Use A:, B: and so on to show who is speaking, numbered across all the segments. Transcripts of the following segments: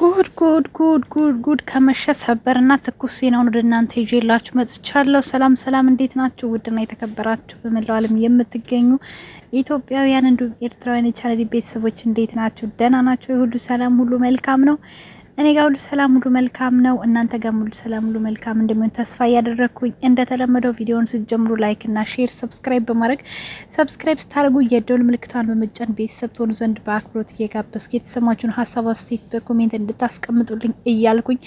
A: ጉድ ጉድ ጉድ ጉድ ጉድ ከመሸ ሰበርና ትኩስ ዜናውን ወደ እናንተ ይዤላችሁ መጥቻለሁ። ሰላም ሰላም፣ እንዴት ናችሁ? ውድና የተከበራችሁ በመላው ዓለም የምትገኙ ኢትዮጵያውያን እንዲሁም ኤርትራውያን የቻለ ቤተሰቦች እንዴት ናችሁ? ደህና ናቸው? የሁሉ ሰላም ሁሉ መልካም ነው። እኔ ጋር ሁሉ ሰላም ሁሉ መልካም ነው። እናንተ ጋር ሁሉ ሰላም ሁሉ መልካም እንደሚሆን ተስፋ እያደረግኩኝ እንደተለመደው ቪዲዮውን ስትጀምሩ ላይክ እና ሼር፣ ሰብስክራይብ በማድረግ ሰብስክራይብ ስታደርጉ የደል ምልክቷን በመጫን ቤተሰብ ትሆኑ ዘንድ በአክብሮት እየጋበዝኩ የተሰማችሁን ሀሳብ አስተያየት በኮሜንት እንድታስቀምጡልኝ እያልኩኝ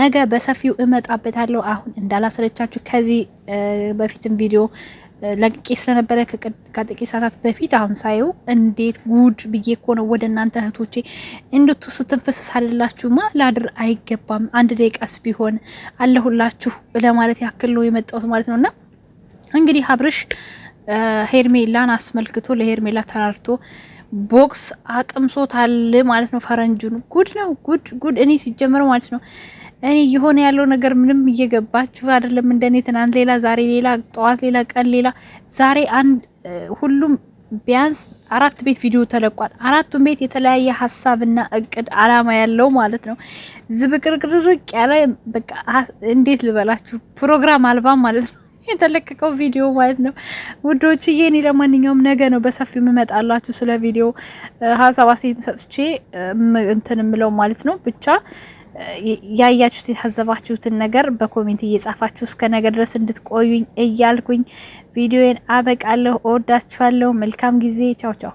A: ነገ በሰፊው እመጣበታለሁ። አሁን እንዳላሰለቻችሁ ከዚህ በፊትም ቪዲዮ ለቅቄ ስለነበረ ከጥቂት ሰዓታት በፊት አሁን ሳየው እንዴት ጉድ ብዬ እኮ ነው ወደ እናንተ እህቶቼ እንድቱ ስትንፈሰስ አለላችሁማ ላድር አይገባም። አንድ ደቂቃስ ቢሆን አለሁላችሁ ለማለት ያክል ነው የመጣሁት ማለት ነው። እና እንግዲህ አብርሽ ሄርሜላን አስመልክቶ ለሄርሜላ ተራርቶ ቦክስ አቅምሶታል ማለት ነው። ፈረንጁን ጉድ ነው ጉድ ጉድ። እኔ ሲጀምር ማለት ነው እኔ እየሆነ ያለው ነገር ምንም እየገባችሁ አይደለም። እንደኔ ትናንት ሌላ፣ ዛሬ ሌላ፣ ጠዋት ሌላ፣ ቀን ሌላ። ዛሬ አንድ ሁሉም ቢያንስ አራት ቤት ቪዲዮ ተለቋል። አራቱም ቤት የተለያየ ሀሳብና እቅድ አላማ ያለው ማለት ነው። ዝብቅርቅርቅ ያለ በቃ እንዴት ልበላችሁ ፕሮግራም አልባ ማለት ነው የተለቀቀው ቪዲዮ ማለት ነው ውዶች። እኔ ለማንኛውም ነገ ነው በሰፊው የምመጣላችሁ ስለ ቪዲዮ ሀሳብ አስተያየት ሰጥቼ እንትን የምለው ማለት ነው ብቻ ያያችሁት የታዘባችሁትን ነገር በኮሜንት እየጻፋችሁ እስከ ነገ ድረስ እንድትቆዩኝ እያልኩኝ ቪዲዮዬን አበቃለሁ። እወዳችኋለሁ። መልካም ጊዜ። ቻው ቻው።